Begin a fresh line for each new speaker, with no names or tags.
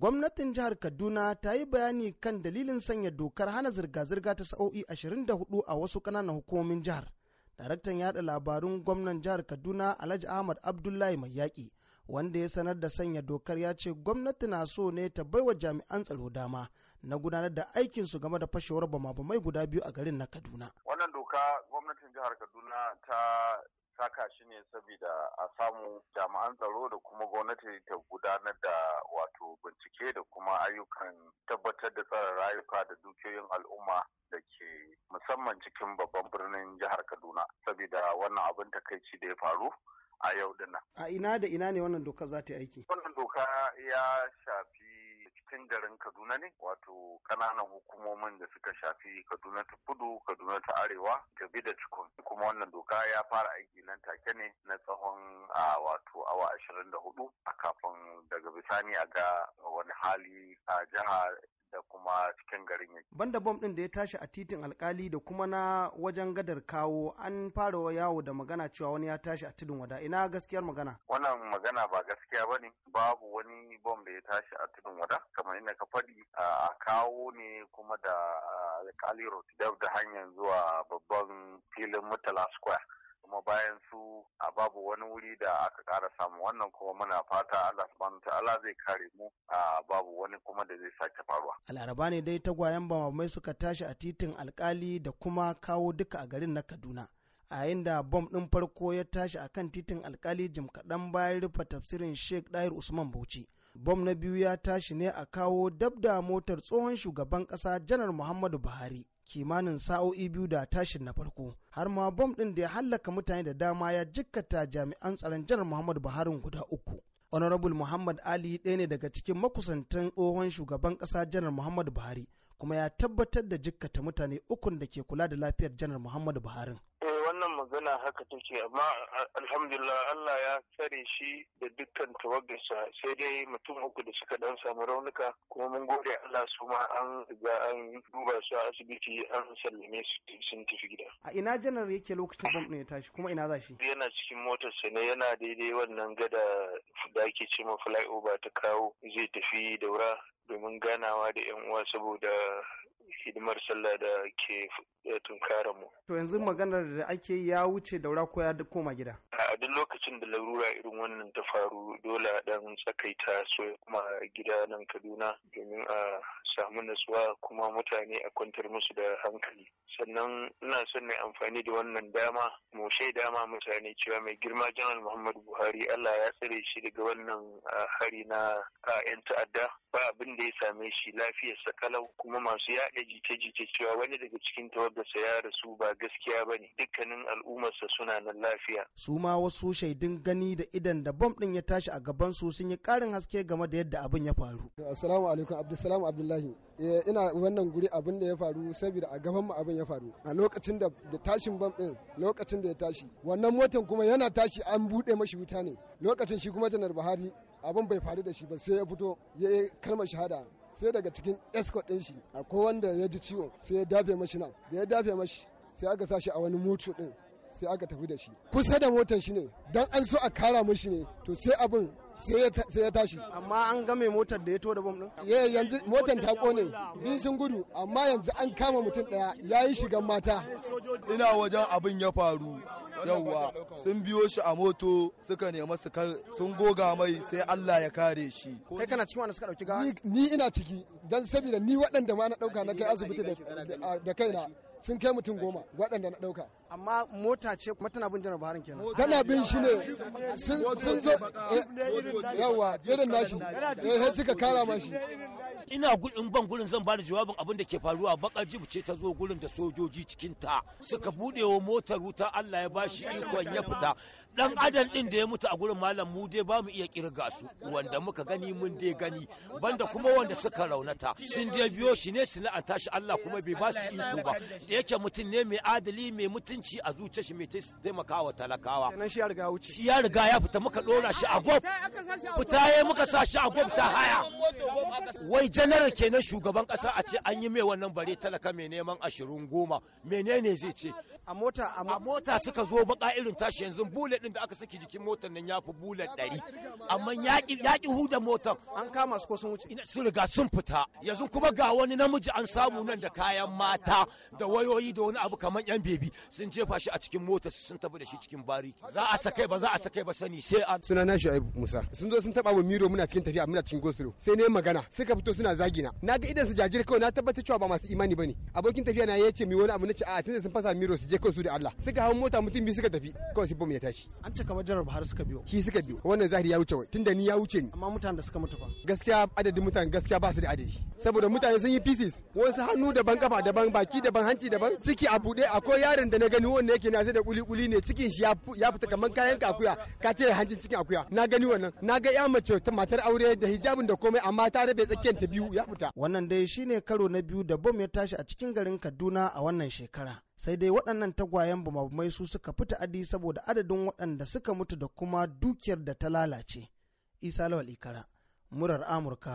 gwamnatin jihar kaduna ta yi bayani kan dalilin sanya dokar hana zirga-zirga ta sa'o'i 24 a wasu kananan hukumomin jihar daraktan yada labarun gwamnan jihar kaduna alhaji ahmad abdullahi mai yaƙi wanda ya sanar da sanya dokar ya ce gwamnati na so ne ta baiwa jami'an tsaro dama na gudanar da aikinsu game da fashewar bama-bamai guda biyu a garin na kaduna
doka gwamnatin jihar kaduna ta saka shi ne saboda a samu jami'an tsaro da kuma gwamnati ta gudanar da wato bincike da kuma ayyukan tabbatar da tsare rayuka da dukiyoyin al'umma da ke musamman cikin babban birnin jihar kaduna saboda wannan abin takaici da ya faru a yau dinnan.
a ina da ina ne wannan doka za ta yi aiki
wannan doka ya shafi ke cikin garin Kaduna ne wato ƙananan hukumomin da suka shafi Kaduna ta kudu, Kaduna ta arewa, Gabi da Cikon. Kuma wannan doka ya fara aiki nan take ne na tsawon a wato awa ashirin da hudu a kafin daga bisani a ga wani hali a jihar. da kuma cikin garin yake.
Banda bom ɗin da ya tashi a titin alkali da kuma na wajen gadar kawo an fara yawo da magana cewa wani ya tashi a tudun wada ina gaskiyar magana.
Wannan magana ba gaskiya ba ne babu wani bom da ya tashi a tudun wada kamar inda ka faɗi a kawo ne kuma da alkali road da hanyar zuwa babban filin mutala square. kuma bayan su a babu wani wuri da aka ƙara samu wannan kuma muna fata Allah subhanahu ta'ala zai kare mu a babu wani kuma da zai sake faruwa.
Al'araba ne dai tagwayen bamamai suka tashi a titin alkali da kuma kawo duka a garin na Kaduna. a yayin da bom ɗin farko ya tashi akan titin alkali jim kaɗan bayan rufe tafsirin sheikh Dair usman bauchi bom na biyu ya tashi ne a kawo dab da motar tsohon shugaban kasa janar muhammadu buhari kimanin sa'o'i biyu da tashin na farko har ma bom ɗin da ya hallaka mutane da dama ya jikkata jami'an tsaron janar muhammadu buhari guda uku honorable muhammad ali ɗaya ne daga cikin makusantan tsohon shugaban kasa janar muhammadu buhari kuma ya tabbatar da jikkata mutane ukun da ke kula da lafiyar janar muhammadu buhari
wannan magana haka take amma alhamdulillah Allah ya tsare shi da dukkan tawagarsa sai dai mutum uku da suka dan samu raunuka kuma mun gode Allah su ma an ga an duba su a asibiti an sallame su sun tafi gida.
A ina janar yake lokacin bom ya tashi kuma ina za shi?
Yana cikin motar sa ne yana daidai wannan gada da ake ce ma flyover ta kawo zai tafi daura domin ganawa da 'yan uwa saboda hidimar sallah da ke ya tunkara mu.
To yanzu maganar da ake ya wuce daura ko ya koma gida?
A duk lokacin da larura irin wannan ta faru dole a ɗan tsakaita so ya kuma gida nan Kaduna domin a samu natsuwa kuma mutane a kwantar musu da hankali. Sannan ina son na amfani da wannan dama mu dama mutane cewa mai girma janar Muhammadu Buhari Allah ya tsare shi daga wannan hari na 'yan ta'adda ba abin da ya same shi lafiyarsa kalau kuma masu yaɗa jita-jita cewa wani daga cikin mahaifinsa ya rasu ba gaskiya ba ne dukkanin al'ummarsa suna nan lafiya.
su ma wasu shaidun gani da idan da bom ɗin ya tashi a gaban su sun yi ƙarin haske game da yadda abin ya faru.
assalamu alaikum abdulsalam abdullahi eh, ina wannan guri abin da ya faru saboda a gaban mu abin ya faru a lokacin da tashin bom ɗin lokacin da ya tashi wannan motan kuma yana tashi an buɗe mashi wuta ne lokacin shi kuma janar bahari abin bai faru da shi ba sai ya fito ya kalmar shahada sai daga cikin escort din shi akwai wanda ya ji ciwo sai ya dafe mashi nan da ya dafe mashi sai aka sa shi a wani moto din sai aka tafi da shi kusa da motan shi ne dan an so a kara mashi ne to sai abin sai ya tashi amma an game motar da ya to da bom din eh yanzu motar ta kone bin sun gudu amma yanzu an kama mutum daya yayi shigan mata
ina wajen abin ya faru yawwa
sun biyo shi a moto
suka nema su sun goga mai sai Allah ya kare shi
kai kana cikin wanda suka dauki ga ni ina ciki dan saboda ni waɗanda ma na dauka na kai asibiti da kaina sun kai mutum goma waɗanda na ɗauka. Amma mota ce kuma tana bin jana Buhari kenan. Tana bin shi ne
sun zo eh, yawa irin nashi sai eh, suka kara mashi
ina gudun ban gurin zan bada jawabin abin da ke faruwa bakar Jibu ce ta zo gurin da sojoji cikin ta suka bude wa motar wuta Allah ya bashi ikon ya fita dan adam din da ya mutu a gurin malam mu dai bamu iya kirga su wanda muka gani mun dai gani banda kuma wanda suka raunata sun dai biyo shi ne su la'anta shi Allah kuma bai ba su iko ba da yake mutum ne mai adali mai mutunci a zuciyar shi mai taimakawa talakawa shi ya riga ya fita muka dora shi a gob fita ya muka sa shi a gob ta haya wai janaral kenan shugaban kasa a ce an yi mai wannan bare talaka mai neman ashirin goma menene zai ce a mota a mota suka zo baka irin tashi yanzu bullet din da aka saki jikin motar nan ya fi bullet ɗari amma yaƙi huda motar an kama su ko sun wuce sun riga sun fita yanzu kuma ga wani namiji an samu nan da kayan mata da wayoyi da wani abu kamar yan bebi sun jefa shi a cikin motar sun tafi da shi cikin bari za a sakai ba za a sakai ba sani sai an
sunana shi musa sun zo sun taba mu miro muna cikin tafiya muna cikin gosulo sai ne magana suka fito suna zagina na ga idan su jajir kawai na tabbatar cewa ba masu imani bane abokin tafiya na ya ce mi wani abu na ce a tunda sun fasa miro su je kansu da Allah suka hawo mota mutum bi suka tafi kawai sibom ya tashi an cika majalar Buhari suka biyo shi suka biyo wannan zahiri ya wuce wai tunda ni ya wuce ni amma mutanen da suka mutu fa gaskiya adadin mutanen gaskiya ba su da adadi saboda mutane sun yi pieces wasu hannu daban kafa daban baki daban hanci daban ciki a bude akwai yaron da na gani wanda yake na sai da kuli kuli ne cikin shi ya fita kamar kayan akuya ka ce hancin cikin akuya na gani wannan na ga ya mace ta matar aure da hijabin da komai amma ta rabe
tsakiyar ta biyu ya fita wannan dai shine karo na biyu da bom ya tashi a cikin garin Kaduna a wannan shekara sai dai waɗannan tagwayen bumabumai su suka fita adi saboda adadin waɗanda suka mutu da kuma dukiyar da ta lalace isa lawal ikara murar amurka